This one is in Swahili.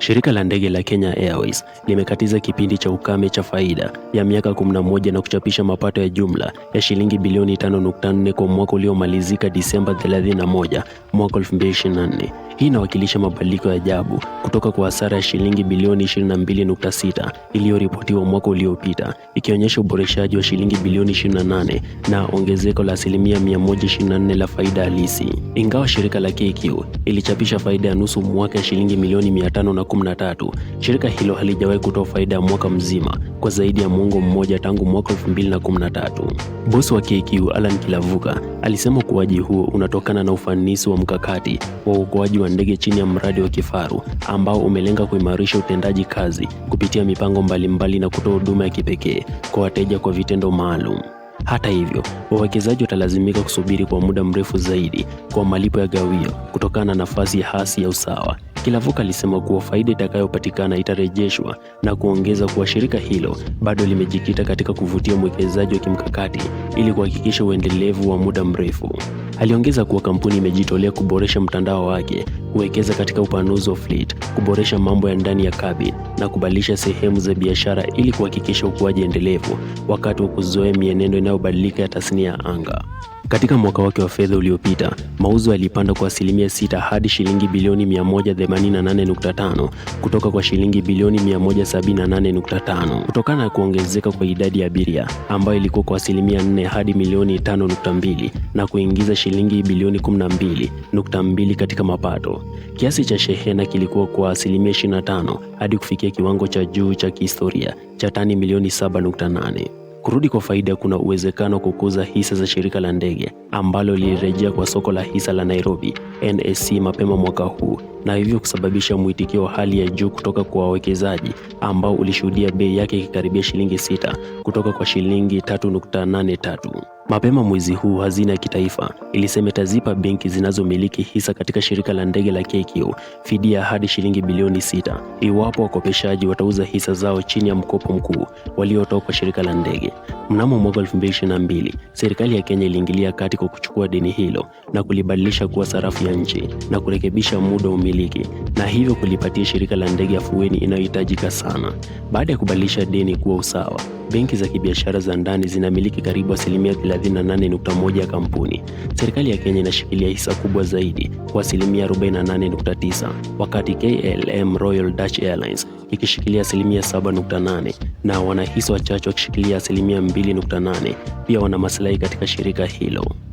Shirika la ndege la Kenya Airways limekatiza kipindi cha ukame cha faida ya miaka 11 na kuchapisha mapato ya jumla ya shilingi bilioni 5.4 kwa mwaka uliomalizika Disemba 31 mwaka 2024. Hii inawakilisha mabadiliko ya ajabu kutoka kwa hasara ya shilingi bilioni 22.6 iliyoripotiwa mwaka uliopita, ikionyesha uboreshaji wa shilingi bilioni 28 na ongezeko la asilimia 124 la faida halisi. Ingawa shirika la KQ ilichapisha faida ya nusu mwaka ya shilingi milioni 500 2013, shirika hilo halijawahi kutoa faida ya mwaka mzima kwa zaidi ya muongo mmoja tangu mwaka 2013. Bosi wa KQ Alan Kilavuka alisema ukuaji huo unatokana na ufanisi wa mkakati wa uokoaji wa ndege chini ya mradi wa Kifaru ambao umelenga kuimarisha utendaji kazi kupitia mipango mbalimbali na kutoa huduma ya kipekee kwa wateja kwa vitendo maalum. Hata hivyo, wawekezaji watalazimika kusubiri kwa muda mrefu zaidi kwa malipo ya gawio kutokana na nafasi hasi ya usawa Kilavuka alisema kuwa faida itakayopatikana itarejeshwa na kuongeza kuwa shirika hilo bado limejikita katika kuvutia mwekezaji wa kimkakati ili kuhakikisha uendelevu wa muda mrefu. Aliongeza kuwa kampuni imejitolea kuboresha mtandao wake, kuwekeza katika upanuzi wa fleet, kuboresha mambo ya ndani ya kabi na kubadilisha sehemu za biashara ili kuhakikisha ukuaji endelevu wakati wa kuzoea mienendo inayobadilika ya tasnia ya anga. Katika mwaka wake wa fedha uliopita, mauzo yalipanda kwa asilimia sita hadi shilingi bilioni 188.5 kutoka kwa shilingi bilioni 178.5 kutokana na kuongezeka kwa idadi ya abiria ambayo ilikuwa kwa asilimia 4 hadi milioni 5.2 na kuingiza shilingi bilioni 12.2 katika mapato. Kiasi cha shehena kilikuwa kwa asilimia 25 hadi kufikia kiwango cha juu cha kihistoria cha tani milioni 7.8. Kurudi kwa faida kuna uwezekano wa kukuza hisa za shirika la ndege ambalo lilirejea kwa soko la hisa la Nairobi NSE mapema mwaka huu na hivyo kusababisha mwitikio wa hali ya juu kutoka kwa wawekezaji ambao ulishuhudia bei yake ikikaribia shilingi sita kutoka kwa shilingi 3.83. Mapema mwezi huu hazina ya kitaifa ilisema itazipa benki zinazomiliki hisa katika shirika la ndege la KQ fidia hadi shilingi bilioni sita iwapo wakopeshaji watauza hisa zao chini ya mkopo mkuu waliotoa kwa shirika la ndege. Mnamo mwaka 2022 serikali ya Kenya iliingilia kati kwa kuchukua deni hilo na kulibadilisha kuwa sarafu ya nchi na kurekebisha muda wa umiliki na hivyo kulipatia shirika la ndege afueni inayohitajika sana. Baada ya kubadilisha deni kuwa usawa, benki za kibiashara za ndani zinamiliki karibu asilimia 38.1 ya kampuni. Serikali ya Kenya inashikilia hisa kubwa zaidi kwa asilimia 48.9, wakati KLM Royal Dutch Airlines ikishikilia asilimia 7.8 na wanahisa wachache wakishikilia asilimia 2.8. Pia wana maslahi katika shirika hilo.